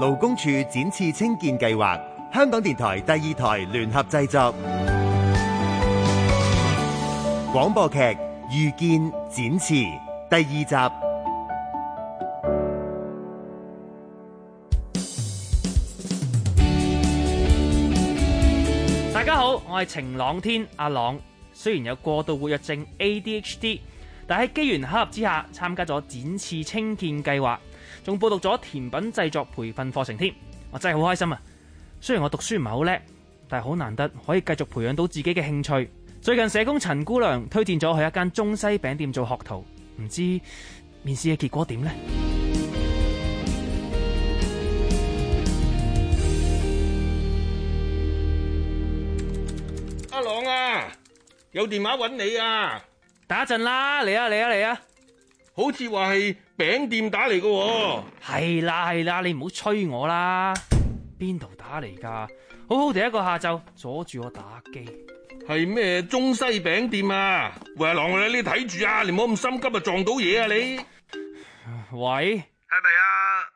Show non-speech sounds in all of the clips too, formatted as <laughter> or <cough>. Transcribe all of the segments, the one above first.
勞工處展翅青見計劃，香港電台第二台聯合製作廣播劇《遇見展翅》第二集。大家好，我係程朗天阿朗，雖然有過度活躍症 （ADHD），但喺機緣巧合之下，參加咗展翅青見計劃。仲報讀咗甜品製作培訓課程添，我真係好開心啊！雖然我讀書唔係好叻，但係好難得可以繼續培養到自己嘅興趣。最近社工陳姑娘推薦咗去一間中西餅店做學徒，唔知面試嘅結果點呢？阿朗啊，有電話搵你啊，打陣啦！嚟啊，嚟啊，嚟啊！好似話係餅店打嚟嘅。係啦係啦，你唔好催我啦。邊度打嚟噶？好好地一個下晝，阻住我打機。係咩中西餅店啊？喂，阿朗你你睇住啊，你唔好咁心急啊，撞到嘢啊你。喂，係咪啊，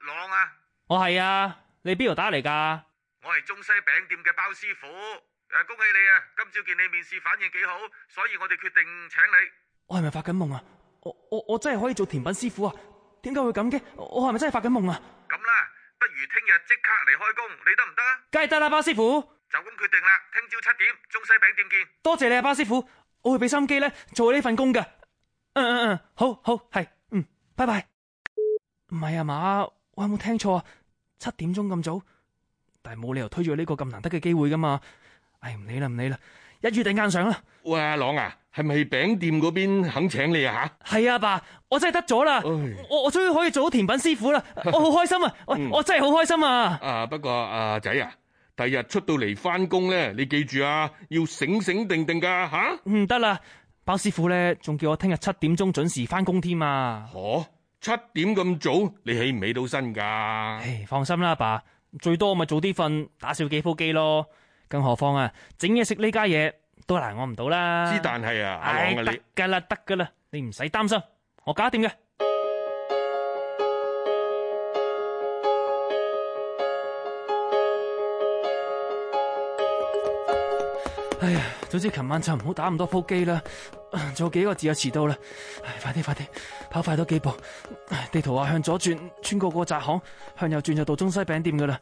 朗啊？我係啊，你邊度打嚟噶？我係中西餅店嘅包師傅。誒，恭喜你啊，今朝見你面試反應幾好，所以我哋決定請你。我係咪發緊夢啊？我我我真係可以做甜品師傅啊？點解會咁嘅？我係咪真係發緊夢啊？咁啦，不如聽日即刻嚟開工，你得唔得啊？梗係得啦，包師傅，就咁決定啦。聽朝七點，中西餅店見。多謝你啊，包師傅，我會俾心機咧做呢份工噶。嗯嗯嗯，好好係，嗯，拜拜。唔係啊嘛，我有冇聽錯啊？七點鐘咁早，但係冇理由推咗呢個咁難得嘅機會噶嘛。唉，唔理啦，唔理啦。一於頂硬上啦！喂，朗啊，係咪餅店嗰邊肯請你啊？吓，係阿爸，我真係得咗啦！我我終於可以做到甜品師傅啦！我好開心啊！我真係好開心啊！啊，不過阿仔啊，第日出到嚟翻工咧，你記住啊，要醒醒定定噶吓！唔得啦，包師傅咧，仲叫我聽日七點鐘準時翻工添啊！哦，七點咁早，你起唔起到身噶？唉，放心啦，阿爸，最多我咪早啲瞓，打少幾鋪機咯。更何況啊，整嘢食呢家嘢。都難我唔到啦！之但係啊，阿朗啊，你得噶啦，得噶啦，你唔使擔心，我搞得掂嘅。哎呀，總之琴晚就唔好打咁多鋪機啦，仲有幾個字就遲到啦。唉，快啲快啲，跑快多幾步。地圖話向左轉，穿過個窄巷，向右轉就到中西餅店噶啦。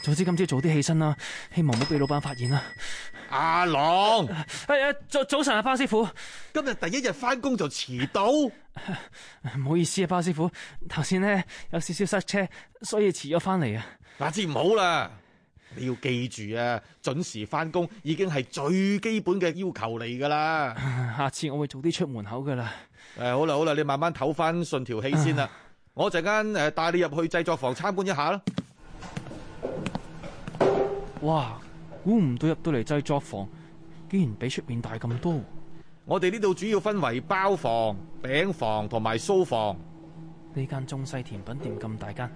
早知今朝早啲起身啦，希望唔好俾老闆發現啦。阿朗，係啊，早早晨啊，包師傅，今日第一日翻工就遲到，唔好意思啊，包師傅，頭先咧有少少塞車，所以遲咗翻嚟啊。下次唔好啦，你要記住啊，準時翻工已經係最基本嘅要求嚟噶啦。下次我會早啲出門口噶啦。誒，好啦好啦，你慢慢唞翻順條氣先啦，我陣間誒帶你入去製作房參觀一下啦。哇！估唔到入到嚟製作房，竟然比出面大咁多。我哋呢度主要分為包房、餅房同埋酥房。呢間中西甜品店咁大間，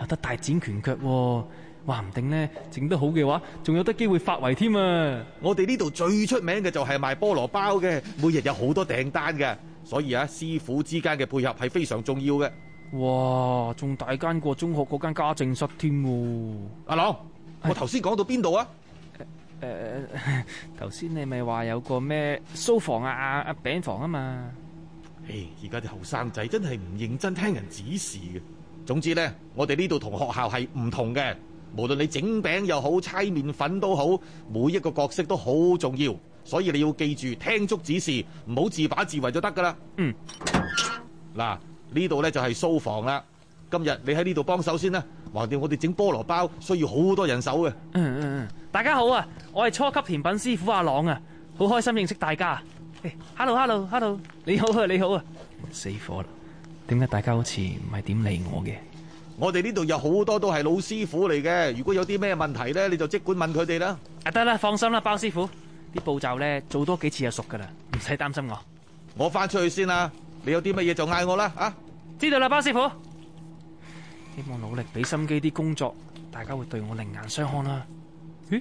有得大展拳腳喎。話唔定呢，整得好嘅話，仲有得機會發圍添啊！我哋呢度最出名嘅就係賣菠蘿包嘅，每日有好多訂單嘅。所以啊，師傅之間嘅配合係非常重要嘅。哇！仲大間過中學嗰間家政室添喎。阿朗。我頭先講到邊度啊？誒誒、呃，頭、呃、先你咪話有個咩酥房啊，餅、啊、房啊嘛。唉，而家啲後生仔真係唔認真聽人指示嘅。總之咧，我哋呢度同學校係唔同嘅。無論你整餅又好，搓麵粉都好，每一個角色都好重要。所以你要記住，聽足指示，唔好自把自為就得噶啦。嗯。嗱、啊，呢度咧就係酥房啦。今日你喺呢度幫手先啦、啊。橫掂我哋整菠蘿包需要好多人手啊、嗯。嗯嗯嗯，大家好啊，我係初級甜品師傅阿朗啊，好開心認識大家。Hello，hello，hello，Hello, Hello, 你好啊，你好啊。死火啦！點解大家好似唔係點理我嘅？我哋呢度有好多都係老師傅嚟嘅，如果有啲咩問題咧，你就即管問佢哋啦。啊得啦，放心啦，包師傅，啲步驟咧做多幾次就熟噶啦，唔使擔心我。我翻出去先啦，你有啲乜嘢就嗌我啦啊。知道啦，包師傅。希望努力俾心機啲工作，大家會對我另眼相看啦。咦？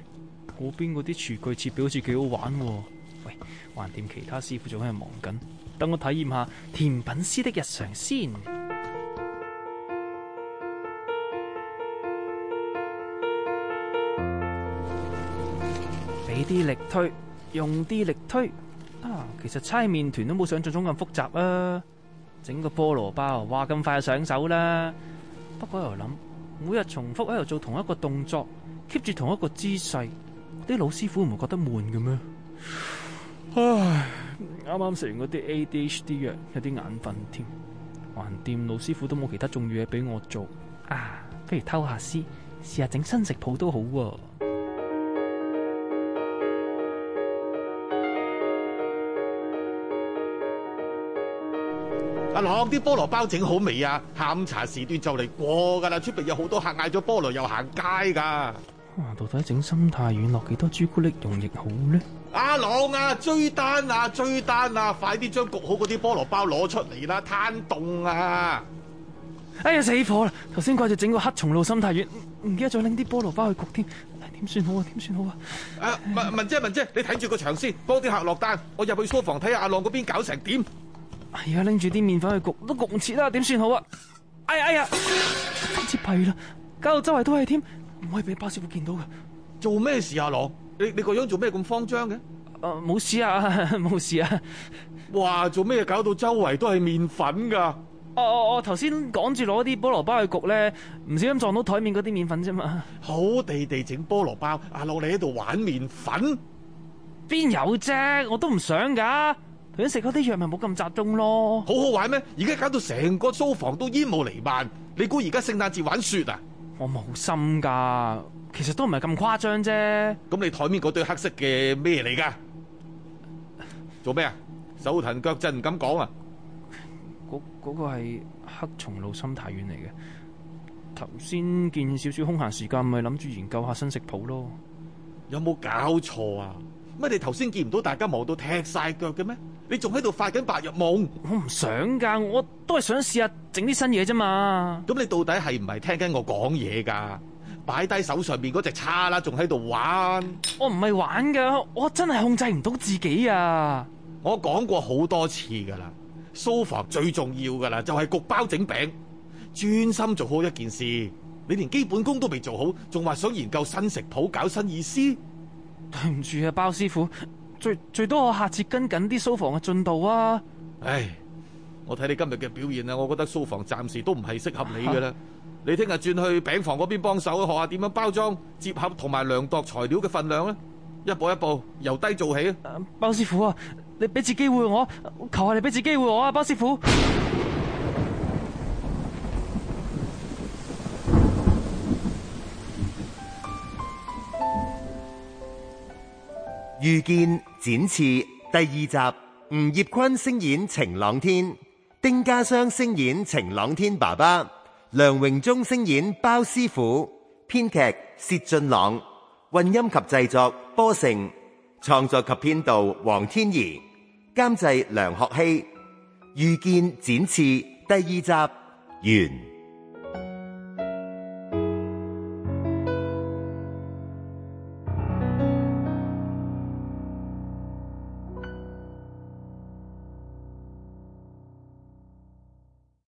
嗰邊嗰啲廚具設備好似幾好玩喎。喂，橫掂其他師傅仲喺度忙緊，等我體驗下甜品師的日常先。俾啲 <music> 力推，用啲力推啊！其實猜麵團都冇想象中咁複雜啊。整個菠蘿包，話咁快就上手啦！ <noise> 我喺度諗，每日重複喺度做同一個動作，keep 住同一個姿勢，啲老師傅唔會，會覺得悶嘅咩？唉，啱啱食完嗰啲 ADHD 藥，有啲眼瞓添，橫掂老師傅都冇其他重要嘢俾我做啊，不如偷下私，試下整新食譜都好喎。朗啲菠蘿包整好未啊？下午茶時段就嚟過噶啦，出邊有好多客嗌咗菠蘿又行街噶。哇！到底整心太軟落幾多朱古力溶液好咧？阿朗啊，啊，追單啊，追單啊，啊，啊，快啲將焗好嗰啲菠蘿包攞出嚟啦，攤凍啊！哎呀，死火啦！頭先掛住整個黑松露心太軟，唔記得再拎啲菠蘿包去焗添，點、哎、算好啊？點算好啊？誒、哎啊，文文姐文姐，你睇住個場先，幫啲客落單。我入去書房睇下阿朗嗰邊搞成點。而家拎住啲麵粉去焗，都焗唔切啦，點算好啊？哎呀哎呀，切弊啦！搞到周圍都係添，唔可以俾包師傅見到嘅。做咩事啊，阿朗？你你個樣做咩咁慌張嘅？誒，冇事啊，冇事啊。哇，做咩搞到周圍都係麵粉噶？哦哦哦，頭先趕住攞啲菠蘿包去焗咧，唔小心撞到台面嗰啲麵粉啫嘛。好地地整菠蘿包，阿朗，落嚟喺度玩麵粉？邊有啫？我都唔想噶。佢想食嗰啲藥咪冇咁集中咯，好好玩咩？而家搞到成個租房都煙霧彌漫，你估而家聖誕節玩雪啊？我冇心噶，其實都唔係咁誇張啫。咁你台面嗰對黑色嘅咩嚟噶？做咩啊？手騰腳震唔敢講啊？嗰嗰、嗰個係黑松露心太軟嚟嘅。頭先見少少空閒時間，咪諗住研究下新食譜咯。有冇搞錯啊？乜你頭先見唔到大家忙到踢晒腳嘅咩？你仲喺度發緊白日夢？我唔想噶，我都係想試下整啲新嘢啫嘛。咁你到底係唔係聽緊我講嘢噶？擺低手上邊嗰隻叉啦，仲喺度玩？我唔係玩噶，我真係控制唔到自己啊！我講過好多次噶啦，蘇、so、房最重要噶啦，就係焗包整餅，專心做好一件事。你連基本功都未做好，仲話想研究新食譜搞新意思？對唔住啊，包師傅。最最多我下次跟緊啲蘇房嘅進度啊！唉，我睇你今日嘅表現啊，我覺得蘇房暫時都唔係適合你嘅啦。你聽日轉去餅房嗰邊幫手，學下點樣包裝、接合同埋量度材料嘅份量咧，一步一步由低做起啊！包師傅啊，你俾次機會我，求下你俾次機會我啊，包師傅。遇見展翅第二集，吳業坤聲演程朗天，丁家湘聲演程朗天爸爸，梁榮忠聲演包師傅，編劇薛俊朗，混音及製作波盛，創作及編導黃天頤，監製梁學曦。遇見展翅第二集完。